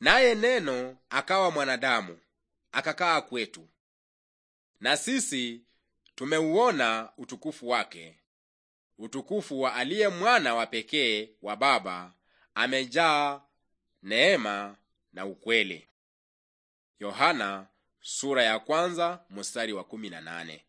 Naye neno akawa mwanadamu akakaa kwetu, na sisi tumeuona utukufu wake, utukufu wa aliye mwana wa pekee wa Baba, amejaa neema na ukweli. Yohana sura ya kwanza mstari wa kumi na nane.